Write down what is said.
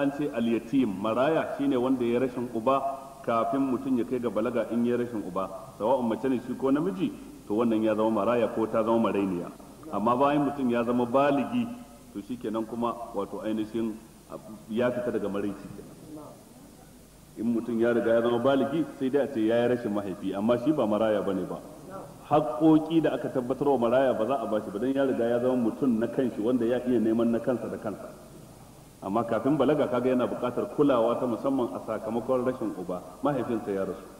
an ce al maraya shine wanda ya rashin uba kafin mutum ya kai ga balaga in ya rashin uba sawa'un mace ne shi ko namiji to wannan ya zama maraya ko ta zama marainiya amma bayan mutum ya zama baligi to shikenan kuma wato ainihin ya fita daga maraici in mutum ya riga ya zama baligi sai dai a ce ya yi rashin mahaifi amma shi ba maraya bane ba haƙoƙi da aka tabbatar wa maraya ba za a bashi ba don ya riga ya zama mutum na kanshi wanda ya iya neman na kansa da kansa amma kafin balaga kaga yana buƙatar kulawa ta musamman a sakamakon rashin uba mahaifinsa ya rasu